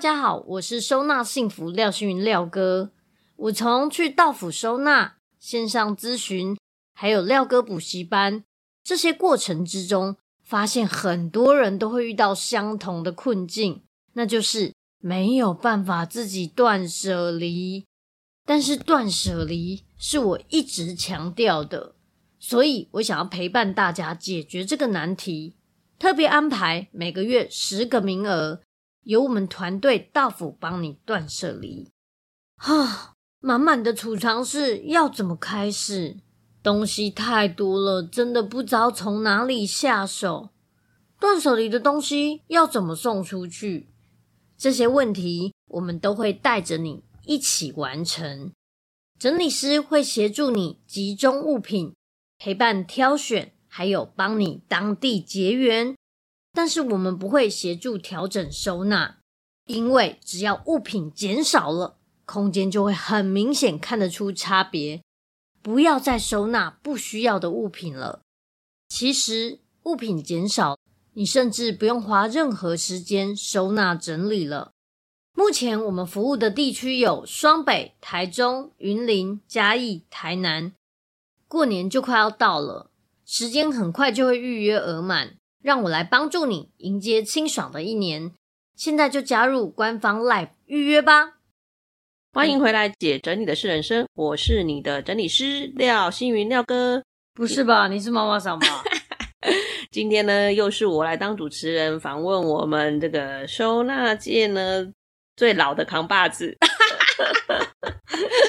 大家好，我是收納幸福廖心筠廖哥。我從去到府收納、線上諮詢，還有廖哥補習班這些過程之中，發現很多人都會遇到相同的困境，那就是沒有辦法自己斷舍離。但是斷舍離是我一直強調的，所以我想要陪伴大家解決這個難題，特別安排每個月十個名額。由我們團隊到府幫你斷舍離，啊，滿滿的儲藏室要怎麼開始？東西太多了，真的不知道從哪裡下手。斷舍離的東西要怎麼送出去？這些問題我們都會帶着你一起完成。整理師會協助你集中物品，陪伴挑選，還有幫你當地結緣。但是我們不會協助調整收納，因為只要物品減少了，空間就會很明顯看得出差別。不要再收納不需要的物品了。其實物品減少，你甚至不用花任何時間收納整理了。目前我們服務的地區有雙北、台中、雲林、嘉義、台南。過年就快要到了，時間很快就會預約額滿。讓我來幫助你迎接清爽的一年，現在就加入官方 Live 預約吧！歡迎回來，姐整理的是人生，我是你的整理師廖星雲，廖哥。不是吧？你是媽媽桑吧？ 今天呢，又是我來當主持人，訪問我們這個收納界呢，最老的扛把子。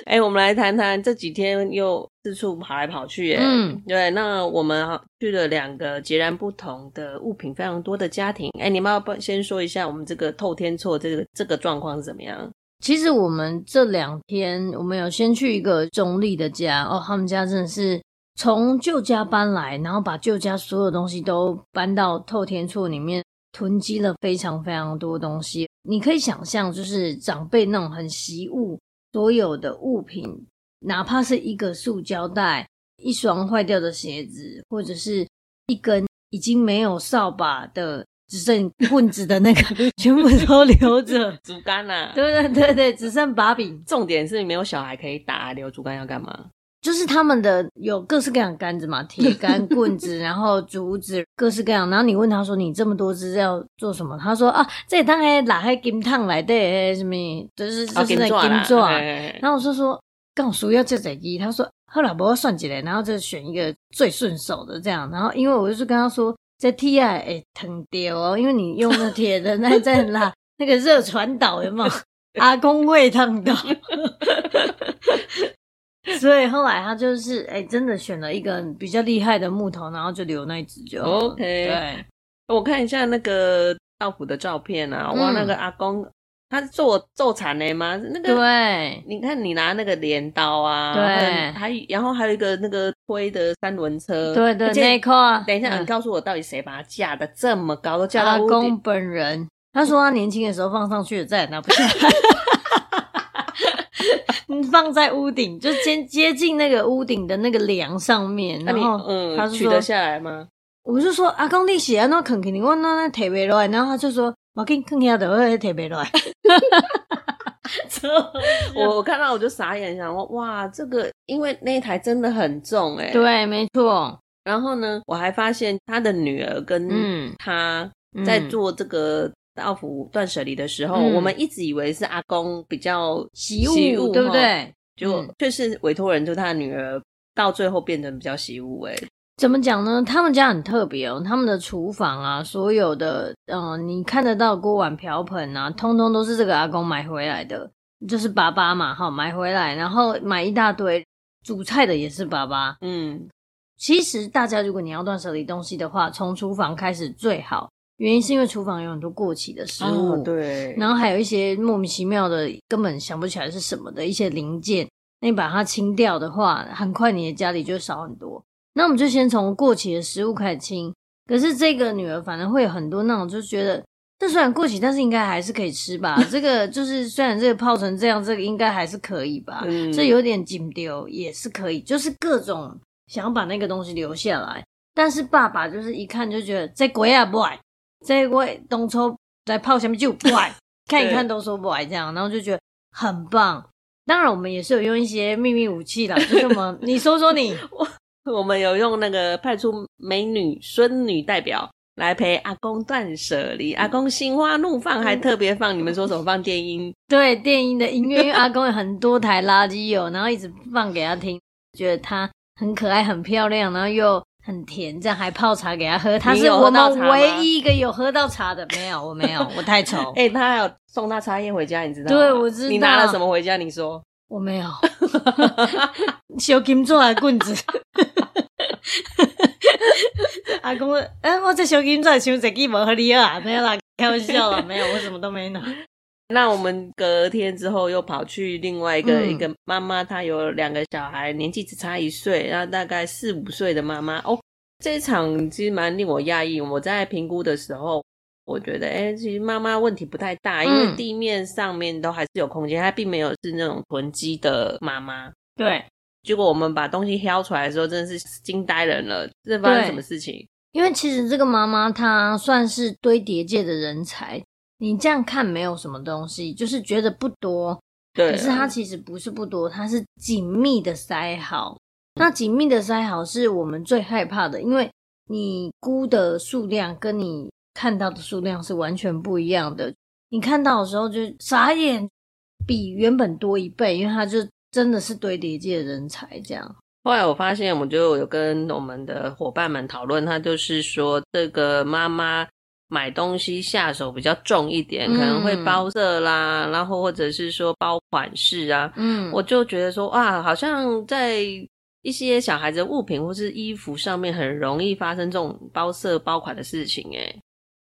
哎、 欸，我們來談談這幾天又四處跑來跑去，欸，哎、嗯，對，那我們去了兩個截然不同的物品非常多的家庭。哎，欸，你們要先說一下我們這個透天厝這個這個狀況是怎麼樣？其實我們這兩天，我們有先去一個中立的家哦，他們家真的是從舊家搬來，然後把舊家所有的東西都搬到透天厝裡面，囤積了非常非常多東西。你可以想象，就是長輩那種很惜物。所有的物品，哪怕是一個塑膠袋、一雙壞掉的鞋子，或者是一根已經沒有掃把的只剩棍子的那個， 全部都留着 竹竿吶、啊！對對對對，只剩把柄。 重點是你沒有小孩可以打，留竹竿要幹嘛？就是他們的有各式各樣桿子嘛，鐵桿、棍子，然後竹子， 各式各樣。然後你問他說：“你這麼多只要做什麼？”他說：“啊，這當還拿海金湯來的，什麼就是就是那個金磚。哦”然後我說，說：“說告訴我要這一個。”他說：“好不我算起來，然後就選一個最順手的這樣。”然後因為我就是跟他說：“在 T I 哎疼掉，因為你用的鐵的那在辣，那個熱傳導有沒有？ 阿公會燙到。” 所以後來他就是哎，真的選了一個比較厲害的木頭，然後就留那一只就。OK。對，我看一下那個道府的照片啊，我哇，那個阿公，他是做做產的嗎？那個，對，你看你拿那個鐮刀啊，對，還然後還有一個那個推的三輪車，對對。那一塊？等一下，你告訴我到底誰把它架得這麼高，都架到阿公本人。他說他年輕的時候放上去的，再也拿不下來。放在屋頂，就是接接近那個屋頂的那個樑上面，那、啊、你，嗯，他取得下來嗎？我就說，阿公地寫那肯肯定問那那特別亂，然後他就說，我給你下的特別亂。哈哈哈哈哈！我 之後我看到我就傻眼，想說哇，這個因為那一台真的很重哎、欸，對，沒錯。然後呢，我還發現他的女兒跟他在做這個。到府斷捨離的時候，嗯、我們一直以為是阿公比較惜物，惜物對不對？就、嗯、卻是委托人，就他的女兒到最後變得比較惜物。哎，怎麼講呢？他們家很特別哦，他們的廚房啊，所有的嗯、呃，你看得到鍋碗瓢盆啊，通通都是這個阿公買回來的，就是爸爸嘛，哈、哦，買回來，然後買一大堆煮菜的也是爸爸。嗯，其實大家，如果你要斷舍離東西的話，從廚房開始最好。原因是因為廚房有很多過期的食物，哦、對，然後還有一些莫名其妙的、根本想不起來是什麼的一些零件。那你把它清掉的話，很快你的家裡就少很多。那我們就先從過期的食物開始清。可是這個女兒反而會有很多那種，就覺得這、嗯、雖然過期，但是應該還是可以吃吧？ 這個就是雖然這個泡成這樣，這個應該還是可以吧？這、嗯、有點緊丟也是可以，就是各種想要把那個東西留下來。但是爸爸就是一看就覺得在鬼啊不？這一位東抽在泡下面就不愛， 對 看一看都說不愛這樣，然後就覺得很棒。當然，我們也是有用一些秘密武器啦，就是我們， 你說說你。我我們有用那個派出美女孫女代表來陪阿公斷捨離，嗯、阿公心花怒放，還特別放、嗯、你們說什麼放電音？對，電音的音樂，因為阿公有很多台垃圾有 然後一直放給他聽，覺得他很可愛、很漂亮，然後又。很甜，這樣還泡茶給他喝。他是我唯一一個有喝到茶的，有茶沒有，我沒有，我太醜。哎、欸，他還有送他茶葉回家，你知道嗎？對，我知道。你拿了什麼回家？你說？我沒有。小 金爪棍子。阿公，哎、欸，我這小金爪想自己無和理啊，沒有 啦，開玩笑了，沒有，我什麼都沒拿。那我們隔天之後，又跑去另外一個、嗯、一個媽媽，她有兩個小孩，年紀只差一歲，然後大概四五歲的媽媽哦，這一場其實蠻令我訝異。我在評估的時候，我覺得誒、欸、其實媽媽問題不太大，因為地面上面都還是有空間，嗯、她並沒有是那種囤積的媽媽。對，結果我們把東西挑出來的時候，真的是驚呆人了。這發生什麼事情？因為其實這個媽媽她算是堆疊界的人才。你這樣看沒有什麼東西，就是覺得不多。對了，可是它其實不是不多，它是緊密的塞好。嗯，那緊密的塞好是我們最害怕的，因為你估的數量跟你看到的數量是完全不一樣的。你看到的時候就傻眼，比原本多一倍，因為它就真的是堆疊界的人才這樣。後來我發現，我就有跟我們的夥伴們討論，他就是說這個媽媽，買東西下手比較重一點，可能會包色啦，嗯、然後或者是說包款式啊。嗯，我就覺得說，哇，好像在一些小孩子物品或是衣服上面，很容易發生這種包色包款的事情、欸。誒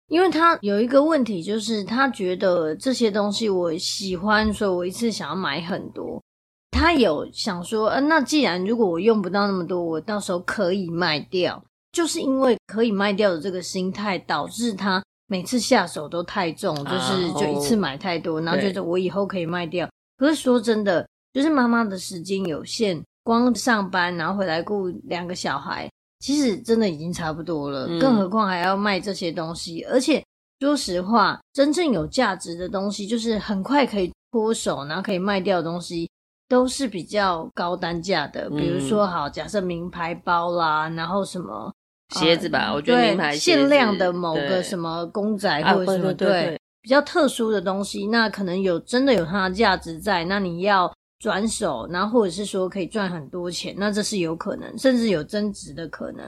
因為他有一個問題，就是他覺得這些東西我喜歡，所以我一次想要買很多。他有想說，嗯、呃，那既然如果我用不到那麼多，我到時候可以賣掉。就是因為可以賣掉的這個心態，導致他每次下手都太重，啊、就是就一次買太多，然後覺得我以後可以賣掉。對可是說真的，就是媽媽的時間有限，光上班，然後回來顧兩個小孩，其實真的已經差不多了。嗯、更何況還要賣這些東西，而且說實話，真正有價值的東西，就是很快可以脫手，然後可以賣掉的東西。都是比較高單價的，比如說，好，嗯、假設名牌包啦，然後什麼鞋子吧，嗯、我覺得名牌鞋子限量的某個什麼公仔或者什麼，啊、不是，對，對，對，對，比較特殊的東西，那可能有真的有它的價值在，那你要轉手，然後或者是說可以賺很多錢，那這是有可能，甚至有增值的可能。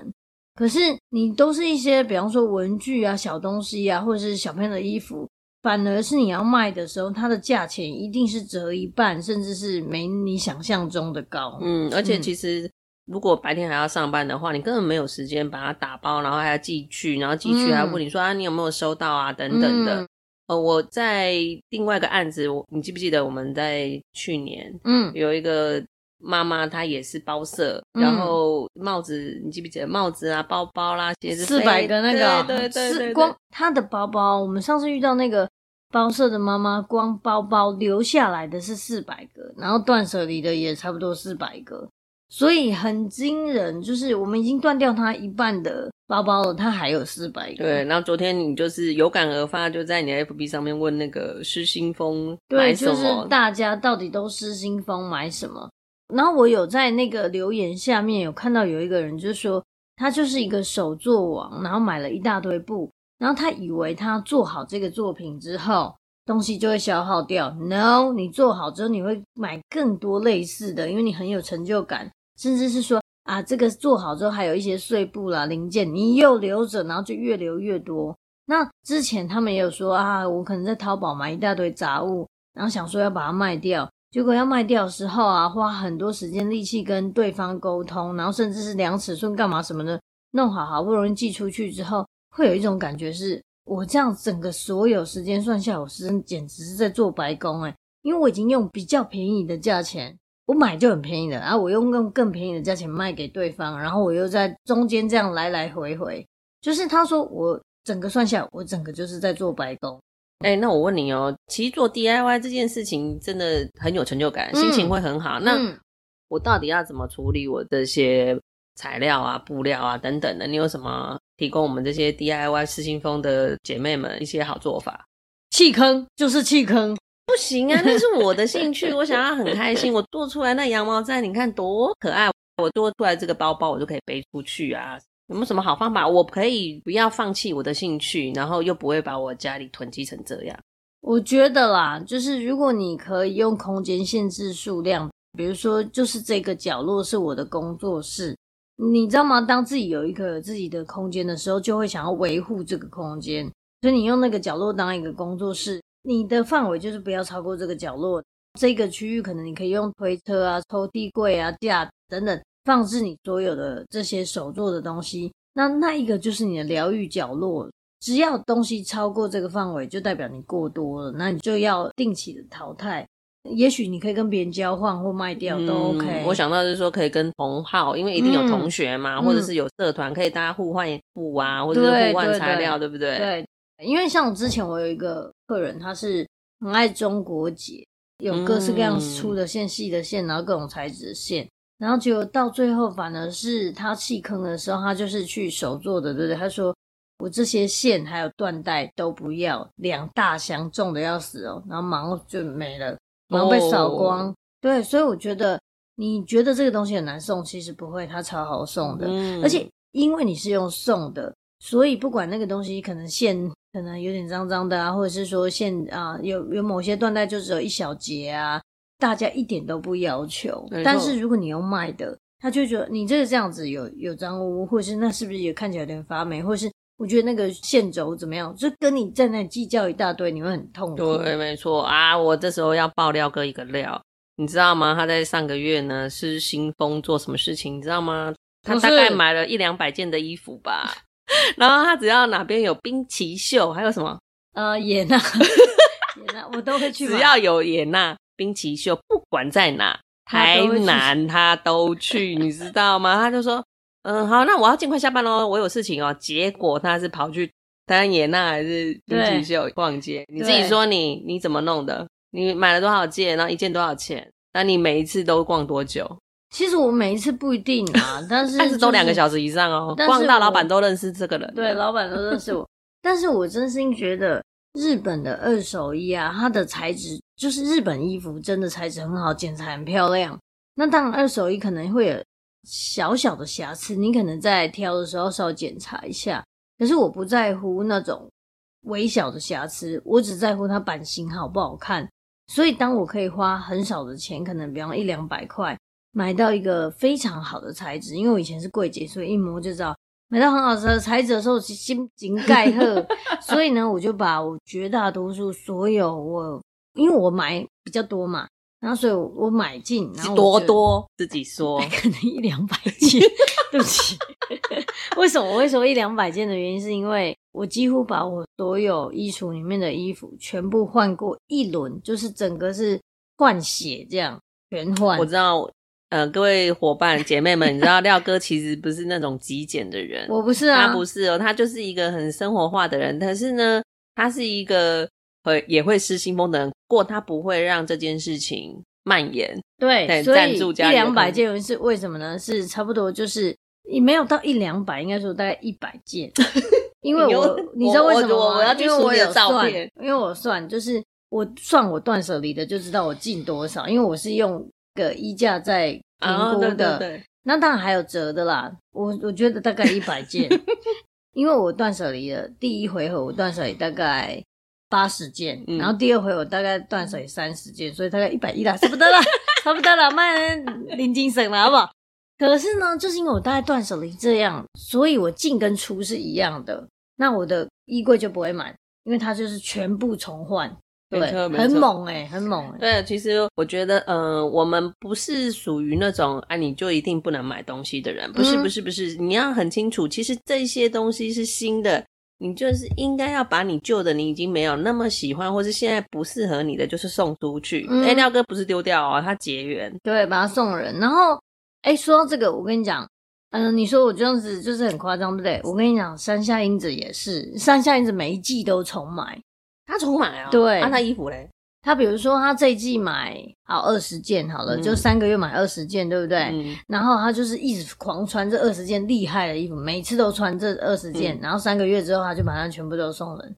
可是你都是一些，比方說文具啊、小東西啊，或者是小朋友的衣服。反而是你要賣的時候，它的價錢一定是折一半，甚至是沒你想象中的高。嗯，而且其實如果白天還要上班的話，嗯、你根本沒有時間把它打包，然後還要寄去，然後寄去還要問你說、嗯、啊，你有沒有收到啊？等等的。嗯、呃，我在另外一個案子，我，你記不記得我們在去年，嗯，有一個。媽媽她也是包色，然後帽子、嗯、你記不記得帽子啊、包包啦、啊、鞋子，四百個那個，對對對,對,對,對，是光她的包包，我們上次遇到那個包色的媽媽，光包包留下來的是四百個，然後斷舍離的也差不多四百個，所以很驚人，就是我們已經斷掉她一半的包包了，她還有四百個。對，然後昨天你就是有感而發，就在你的 FB 上面問那個失心瘋買什麼？對，就是大家到底都失心瘋買什麼？然後我有在那個留言下面有看到有一個人就說，就是說他就是一個手作王，然後買了一大堆布，然後他以為他做好這個作品之後，東西就會消耗掉。No，你做好之後你會買更多類似的，因為你很有成就感，甚至是說啊，這個做好之後還有一些碎布啦、零件，你又留着，然後就越留越多。那之前他們也有說啊，我可能在淘寶買一大堆雜物，然後想說要把它賣掉。結果要賣掉的時候啊，花很多時間力氣跟對方溝通，然後甚至是量尺寸、幹嘛什麼的，弄好好不容易寄出去之後，會有一種感覺是：我這樣整個所有時間算下來，我實在簡直是在做白工誒、欸、因為我已經用比較便宜的價錢，我買就很便宜的，然、啊、後我用更便宜的價錢賣給對方，然後我又在中間這樣來來回回，就是他說我整個算下來，我整個就是在做白工。哎、欸，那我問你哦、喔，其實做 DIY 這件事情真的很有成就感，嗯、心情會很好。那、嗯、我到底要怎麼處理我這些材料啊、布料啊等等的？你有什麼提供我們這些 DIY 失心瘋的姐妹們一些好做法？棄坑就是棄坑，不行啊！那是我的興趣， 我想要很開心。我做出來那羊毛氈，你看多可愛！我做出來這個包包，我就可以背出去啊。有沒有什麼好方法？我可以不要放棄我的興趣，然後又不會把我家裡囤積成這樣。我覺得啦，就是如果你可以用空間限制數量，比如說就是這個角落是我的工作室，你知道嗎？當自己有一個自己的空間的時候，就會想要維護這個空間。所以你用那個角落當一個工作室，你的範圍就是不要超過這個角落，這個區域可能你可以用推車啊、抽屜櫃啊、架等等。放置你所有的這些手作的東西，那那一個就是你的療癒角落。只要東西超過這個範圍，就代表你過多了，那你就要定期的淘汰。也許你可以跟別人交換或賣掉都 OK、嗯。我想到就是說可以跟同好，因為一定有同學嘛，嗯、或者是有社團，可以大家互換布啊，或者是互換材料，對不對，對？對，對，對，對，對，因為像我之前我有一個客人，他是很愛中國結，有各式各樣粗的線、細、嗯、的線，然後各種材質的線。然後結果到最後，反而是他棄坑的時候，他就是去手做的，對不對？他說，我這些線還有緞帶都不要，兩大箱重的要死哦，然後毛就沒了，毛被掃光。哦、對，所以我覺得你覺得這個東西很難送，其實不會，它超好送的。嗯、而且因為你是用送的，所以不管那個東西可能線可能有點髒髒的啊，或者是說線啊有有某些緞帶就只有一小節啊。大家一點都不要求，錯但是如果你要賣的，他就會覺得你這個這樣子有有髒污，或是那是不是也看起來有點發霉，或是我覺得那個線軸怎麼樣，就跟你在那計較一大堆，你會很痛苦。對，沒錯啊，我這時候要爆廖哥一個料，你知道嗎？他在上個月呢失心瘋做什麼事情，你知道嗎？他大概買了一兩百件的衣服吧，是 然後他只要哪邊有冰奇秀，還有什麼呃，也娜，野娜我都會去， 只要有野娜。冰淇秀不管在哪，台南他都去，都去你知道嗎？他就說：“嗯，好，那我要盡快下班嘍、哦，我有事情哦。”結果他是跑去丹野那還是冰淇秀，秀逛街？你自己說你你怎麼弄的？你買了多少件？然後一件多少錢？那你每一次都逛多久？其實我每一次不一定啊，但是、就是、但是都兩個小時以上哦。逛到老板都認識這個人，對，老板都認識我。 但是我真心覺得。日本的二手衣啊，它的材質就是日本衣服，真的材質很好，剪裁很漂亮。那當然，二手衣可能會有小小的瑕疵，你可能在挑的時候稍微檢查一下。可是我不在乎那種微小的瑕疵，我只在乎它版型好不好看。所以，當我可以花很少的錢，可能比方一兩百塊，買到一個非常好的材質，因為我以前是櫃姐，所以一摸就知道。買到很好吃的拆解的時候心情蓋赫。 所以呢，我就把我絕大多數所有我，因為我買比較多嘛，然後所以我，我買進，然後多多自己說可能一兩百件， 對不起。 為什麼我會說一兩百件的原因是因為我幾乎把我所有衣櫥裡面的衣服全部換過一輪，就是整個是換血這樣，全換。我知道。呃，各位伙伴、姐妹們，你知道廖哥其實不是那種極簡的人， 我不是啊，他不是哦，他就是一個很生活化的人。可是呢，他是一個會也會失心瘋的人，過他不會讓這件事情蔓延。對，對所以助家一兩百件是為什麼呢？是差不多就是沒有到一兩百，應該說大概一百件，因為我， 我你知道為什麼嗎？因為我照算，照片因為我算就是我算我斷捨離的，就知道我進多少，因為我是用。個衣架在評估的，哦、對對對那當然還有折的啦。我我覺得大概一百件， 因為我斷捨離了第一回合，我斷捨離大概八十件，嗯、然後第二回合我大概斷捨離三十件，所以大概一百一啦，差不多啦， 差不多啦，慢慢賣零精神了，好不好？可是呢，就是因為我大概斷捨離這樣，所以我進跟出是一樣的，那我的衣櫃就不會滿，因為它就是全部重換。對很、欸，很猛哎、欸，很猛哎。對，其實我覺得，嗯、呃，我們不是屬於那種啊，你就一定不能買東西的人。嗯、不是，不是，不是，你要很清楚，其實這些東西是新的，你就是應該要把你舊的，你已經沒有那麼喜歡，或是現在不適合你的，就是送出去。哎、嗯欸，廖哥不是丟掉哦，他結緣，對，把他送人。然後，哎、欸，說到這個，我跟你講，嗯、呃，你說我這樣子就是很誇張，對不對？我跟你講，山下英子也是，山下英子每一季都重買。他重買、喔，對啊，對，那他衣服嘞？他比如說，他這一季買好二十件好了，嗯、就三個月買二十件，對不對？嗯、然後他就是一直狂穿這二十件厲害的衣服，每次都穿這二十件，嗯、然後三個月之後，他就把它全部都送人。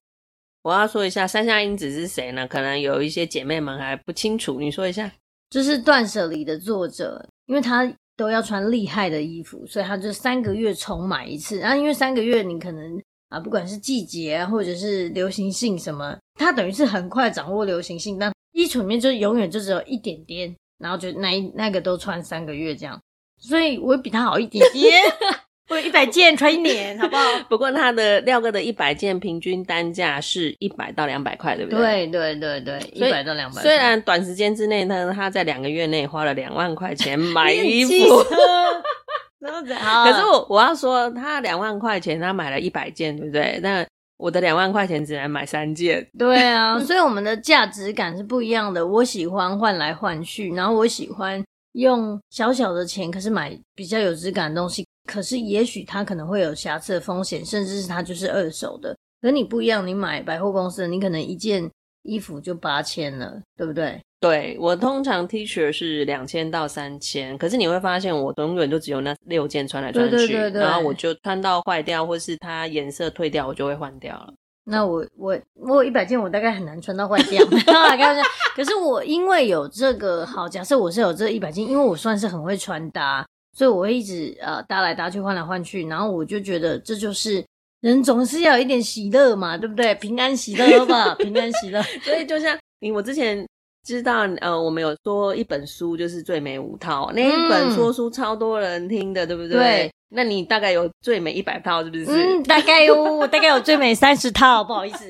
我要說一下山下英子是誰呢？可能有一些姐妹們還不清楚，你說一下。就是《斷捨離》的作者，因為他都要穿厲害的衣服，所以他就三個月重買一次。然後、嗯啊、因為三個月，你可能。啊，不管是季節啊，或者是流行性什麼，它等於是很快掌握流行性，但衣櫥裡面就永遠就只有一點點，然後就那一那個都穿三個月這樣，所以我比他好一點點， 我有一百件穿一年，我 好不好？不過他的廖哥的一百件平均單價是一百到兩百塊，對不對？對對對對，一百到兩百塊。雖然短時間之內呢，他在兩個月內花了兩萬塊錢買衣服。 可是我我要說，他兩萬塊錢他買了一百件，對不對？那我的兩萬塊錢只能買三件。對啊，所以我們的價值感是不一樣的。我喜歡換來換去，然後我喜歡用小小的錢，可是買比較有質感的東西。可是也許它可能會有瑕疵的風險，甚至是它就是二手的。可是你不一樣，你買百貨公司的，你可能一件。衣服就八千了，對不對？對，我通常 T 恤是兩千到三千，嗯，可是你會發現我永遠就只有那六件穿來穿去，對對對對，然後我就穿到壞掉，或是它顏色退掉，我就會換掉了。那我我我有一百件，我大概很難穿到壞掉。 可是我因為有這個好，假設我是有這一百件，因為我算是很會穿搭，所以我會一直呃搭來搭去，換來換去，然後我就覺得這就是。人總是要有一點喜樂嘛，對不對？平安喜樂吧 平安喜樂。所以就像你我之前知道，呃，我們有說一本書就是最美五套，嗯、那一本說書超多人聽的，對不對？對那你大概有最美一百套，是不是？嗯，大概有，大概有最美三十套， 不好意思。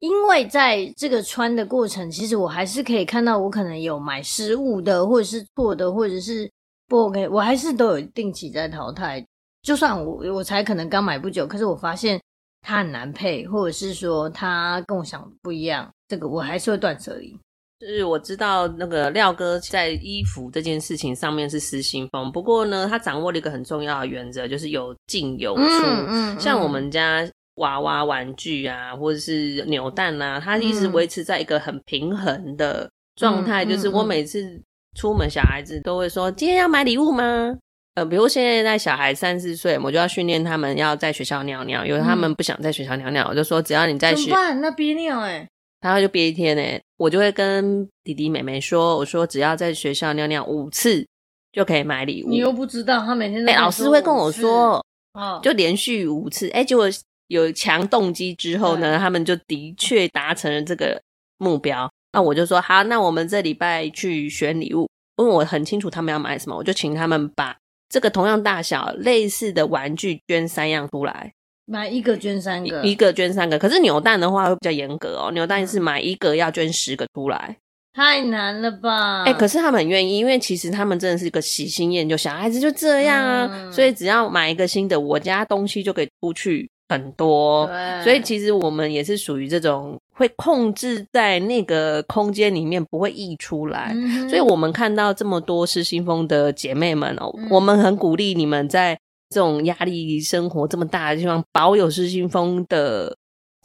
因為在這個穿的過程，其實我還是可以看到，我可能有買失誤的，或者是錯的，或者是不 OK，我還是都有定期在淘汰。就算我我才可能剛買不久，可是我發現它很難配，或者是說它跟我想不一樣，這個我還是會斷捨離。就是我知道那個廖哥在衣服這件事情上面是失心瘋，不過呢，他掌握了一個很重要的原則，就是有進有出。嗯，嗯，嗯像我們家娃娃玩具啊，或者是扭蛋吶、啊，他一直維持在一個很平衡的狀態。嗯、就是我每次出門，小孩子都會說：“嗯嗯嗯、今天要買禮物嗎？”呃，比如現在在小孩三四歲，我就要訓練他們要在學校尿尿，因為他們不想在學校尿尿，嗯、我就說只要你在學校，怎麼辦？那憋尿哎、欸，然後就憋一天誒、欸、我就會跟弟弟妹妹說，我說只要在學校尿尿五次就可以買禮物。你又不知道他每天都、欸，老師會跟我說，哦，就連續五次，哎、欸，結果有強動機之後呢，對他們就的確達成了這個目標。那我就說好，那我們這禮拜去選禮物，因為我很清楚他們要買什麼，我就請他們把。這個同樣大小類似的玩具，捐三樣出來，買一個捐三個，一個捐三個。可是扭蛋的話會比較嚴格哦、喔，扭蛋是買一個要捐十個出來，嗯、太難了吧？哎、欸，可是他們很願意，因為其實他們真的是一個喜新厭舊，小孩子就這樣啊，嗯、所以只要買一個新的，我家東西就可以出去。很多，對所以其實我們也是屬於這種會控制在那個空間裡面，不會溢出來。嗯、所以我們看到這麼多失心瘋的姐妹們哦，嗯、我們很鼓勵你們在這種壓力生活這麼大的地方保有失心瘋的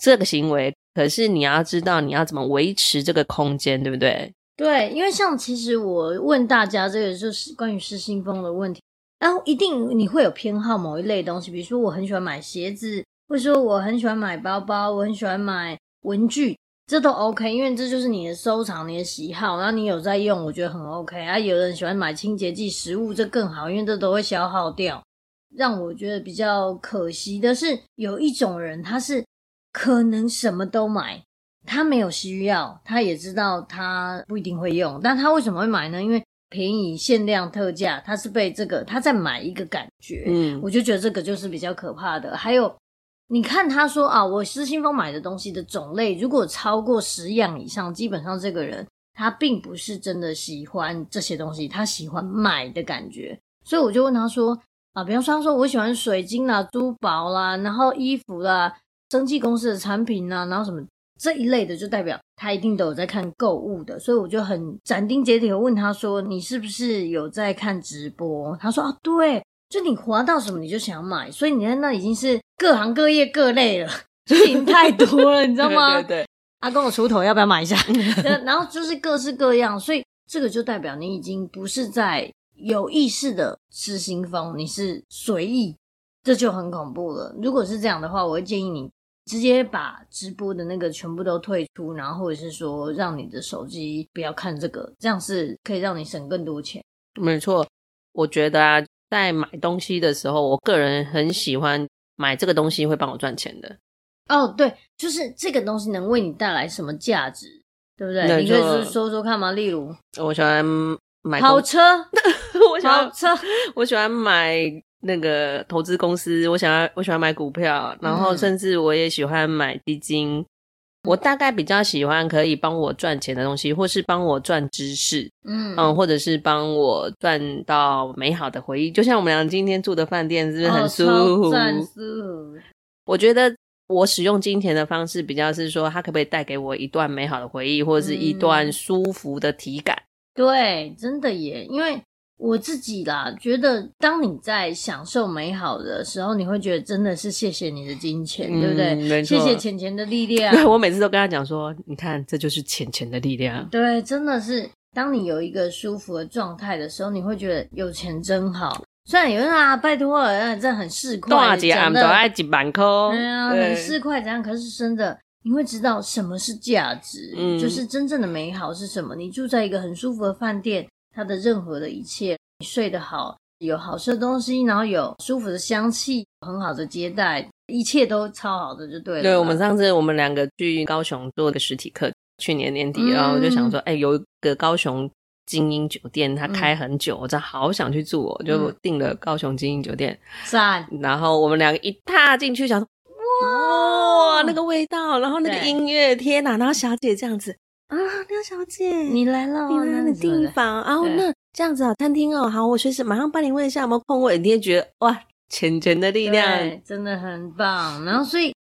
這個行為，可是你要知道你要怎麼維持這個空間，對不對？對，因為像其實我問大家這個就是關於失心瘋的問題，那一定你會有偏好某一類東西，比如說我很喜歡買鞋子。會說我很喜歡買包包，我很喜歡買文具，這都 OK，因為這就是你的收藏，你的喜好，然後你有在用，我覺得很 OK。啊，有人喜歡買清潔劑、食物，這更好，因為這都會消耗掉。讓我覺得比較可惜的是，有一種人，他是可能什麼都買，他沒有需要，他也知道他不一定會用，但他為什麼會買呢？因為便宜、限量、特價，他是被這個，他在買一個感覺。嗯，我就覺得這個就是比較可怕的。還有。你看他說啊，我失心瘋買的東西的種類，如果超過十樣以上，基本上這個人他並不是真的喜歡這些東西，他喜歡買的感覺。所以我就問他說啊，比方說他說我喜歡水晶啦、啊、珠寶啦，然後衣服啦、啊、生技公司的產品吶、啊，然後什麼這一類的，就代表他一定都有在看購物的。所以我就很斬釘截鐵的問他說，你是不是有在看直播？他說啊，對。就你滑到什麼你就想要買，所以你在那已經是各行各業各類了，東西太多了， 你知道嗎？對，對對，阿公的鋤頭要不要買一下？ 然後就是各式各樣，所以這個就代表你已經不是在有意識的失心瘋，你是隨意，這就很恐怖了。如果是這樣的話，我會建議你直接把直播的那個全部都退出，然後或者是說讓你的手機不要看這個，這樣是可以讓你省更多錢。沒錯，我覺得啊。在買東西的時候，我個人很喜歡買這個東西會幫我賺錢的。哦，oh, 對，就是這個東西能為你帶來什麼價值，對不對？就你可以說說看嗎？例如，我喜歡買跑車， 我喜歡跑車，我喜歡買那個投資公司，我想要，我喜歡買股票，然後甚至我也喜歡買基金。嗯我大概比較喜歡可以幫我賺錢的東西，或是幫我賺知識，嗯，嗯，或者是幫我賺到美好的回憶。就像我們倆今天住的飯店是不是很舒服？哦，超舒服。我覺得我使用金錢的方式比較是說，它可不可以帶給我一段美好的回憶，或是一段舒服的體感？嗯，對，真的耶，因為。我自己啦，覺得當你在享受美好的時候，你會覺得真的是謝謝你的金錢，嗯、對不對？沒錯，謝謝錢錢的力量。對，我每次都跟他講說，你看這就是錢錢的力量。對，真的是當你有一個舒服的狀態的時候，你會覺得有錢真好。雖然有人啊，拜托了、啊，這很市儈，短節的啊，都愛幾萬塊。哎呀，你市儈怎樣？可是真的，你會知道什麼是價值，嗯、就是真正的美好是什麼。你住在一個很舒服的飯店。它的任何的一切，你睡得好，有好吃的東西，然後有舒服的香氣，很好的接待，一切都超好的，就對了。對，我們上次我們兩個去高雄做的實體課，去年年底，嗯、然後我就想說，哎、欸，有一個高雄精英酒店，它開很久，嗯、我真的好想去住、哦，我就訂了高雄精英酒店。算、嗯、然後我們兩個一踏進去，想說，哇,哇，那個味道，然後那個音樂，對天哪、啊，然後小姐這樣子。啊，廖小姐，你來了，訂你來的地方啊？那這樣子啊，餐廳哦，好，我隨時馬上幫你問一下有沒有空位。你也覺得哇，錢錢的力量真的很棒。然後，所以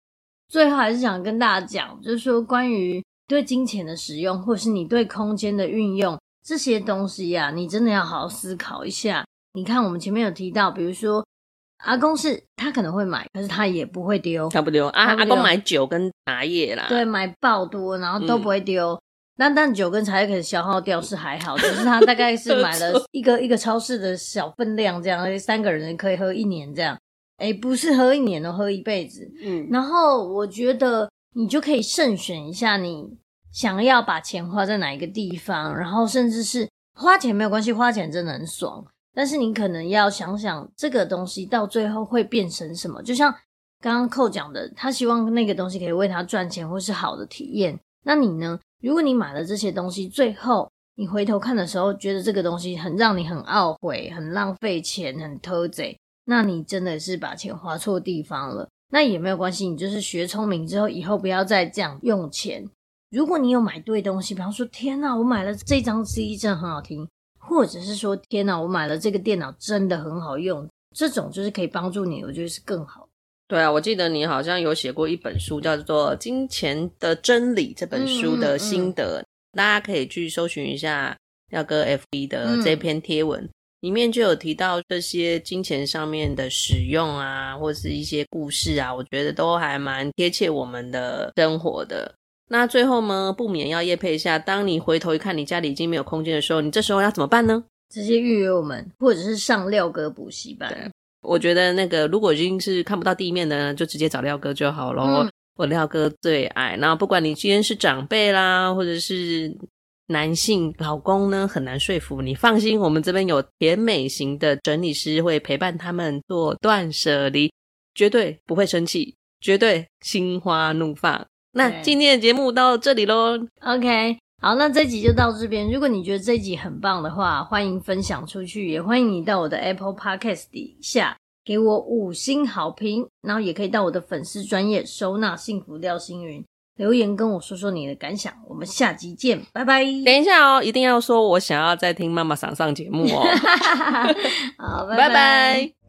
最後還是想跟大家講，就是說關於對金錢的使用，或是你對空間的運用這些東西呀、啊，你真的要好好思考一下。你看，我們前面有提到，比如說阿公是，他可能會買，可是他也不會丟，他不丟啊。阿公買酒跟茶葉啦，對，買爆多，然後都不會丟。嗯。但但酒跟茶葉可以消耗掉是還好，只、就是他大概是買了一個一個超市的小分量，這樣， 得錯 三個人可以喝一年這樣。誒不是喝一年，都喝一輩子。嗯，然後我覺得你就可以慎選一下，你想要把錢花在哪一個地方，然後甚至是花錢沒有關係，花錢真的很爽。但是你可能要想想這個東西到最後會變成什麼。就像剛剛扣講的，他希望那個東西可以為他賺錢或是好的體驗。那你呢？如果你買了這些東西，最後你回頭看的時候，覺得這個東西很讓你很懊悔、很浪費錢、很偷賊，那你真的是把錢花錯地方了。那也沒有關係，你就是學聰明之後，以後不要再這樣用錢。如果你有買對東西，比方說，天哪、啊，我買了這張 CD 真的很好聽，或者是說，天哪、啊，我買了這個電腦真的很好用，這種就是可以幫助你，我覺得是更好。對啊，我記得你好像有寫過一本書，叫做《金錢的真理》這本書的心得，嗯嗯嗯、大家可以去搜尋一下廖哥 FB 的這篇貼文，嗯、裡面就有提到這些金錢上面的使用啊，或是一些故事啊，我覺得都還蠻貼切我們的生活的。那最後呢，不免要業配一下，當你回頭一看，你家裡已經沒有空間的時候，你這時候要怎麼辦呢？直接預約我們，或者是上廖哥補習班。我覺得那個，如果已經是，看不到地面的呢，就直接找廖哥就好咯。嗯。我廖哥最愛。然後不管你今天是長輩啦，或者是男性老公呢，很難說服你。放心，我們這邊有甜美型的整理師會陪伴他們做斷舍離，絕對不會生氣，絕對心花怒放。對那今天的節目到這裡嘍。OK。好，那這集就到這邊。如果你覺得這集很棒的話，歡迎分享出去，也歡迎你到我的 Apple Podcast 底下給我五星好評。然後也可以到我的粉絲專頁收納幸福廖心筠留言跟我說說你的感想。我們下集見，拜拜。等一下哦，一定要說我想要再聽媽媽想上節目哦。 好， 拜拜。拜拜。